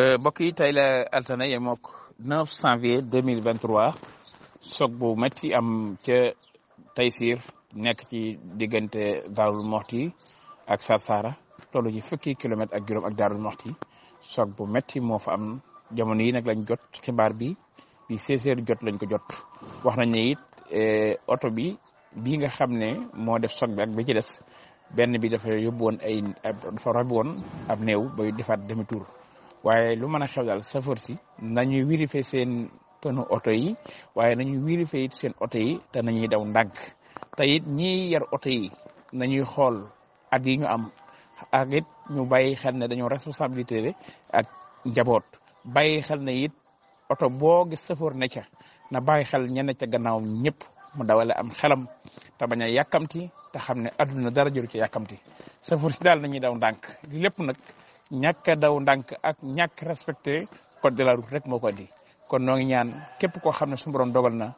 Euh, mbokk yi tey la altana yem ak 9 janvier 2023 soog bu métti am ca Taysir nekk ci diggante Daarul Moxti ak Sarsara tollu ci fukki kilomètre ak juróom ak Daarul Moxti soog bu métti moo am jamono yi nag lañ jot xibaar bi bi 16 jot lañ ko jot wax nañ ne it euh, oto bi bii nga xam ne moo def soog bi ak bi ci des benn bi dafa yóbbu woon ay dafa rob woon ab néew bay defaat demi waaye lu mën a xew daal safar si nañuy vérifier seen pneu oto yi waaye nañuy vérifier it seen oto yi te nañuy daw ndànk te it ñiy yar oto yi nañuy xool at yi ñu am ak ñu bàyyi xel ne dañoo responsabilité ak njaboot bàyyi xel ne it oto boo gis safar ne ca na bàyyi xel ñenn ca gannaawam ñëpp mu dawale am xelam te bañ a yàkkamti te xam ne adduna dara jëru ci yàkkamti safur si daal nañuy daw ndànk lépp nag ñàkk daw ndànk ak ñàkk respecté code de la rek moo ko di kon noo ngi ñaan képp koo xam ne suñu borom dogal na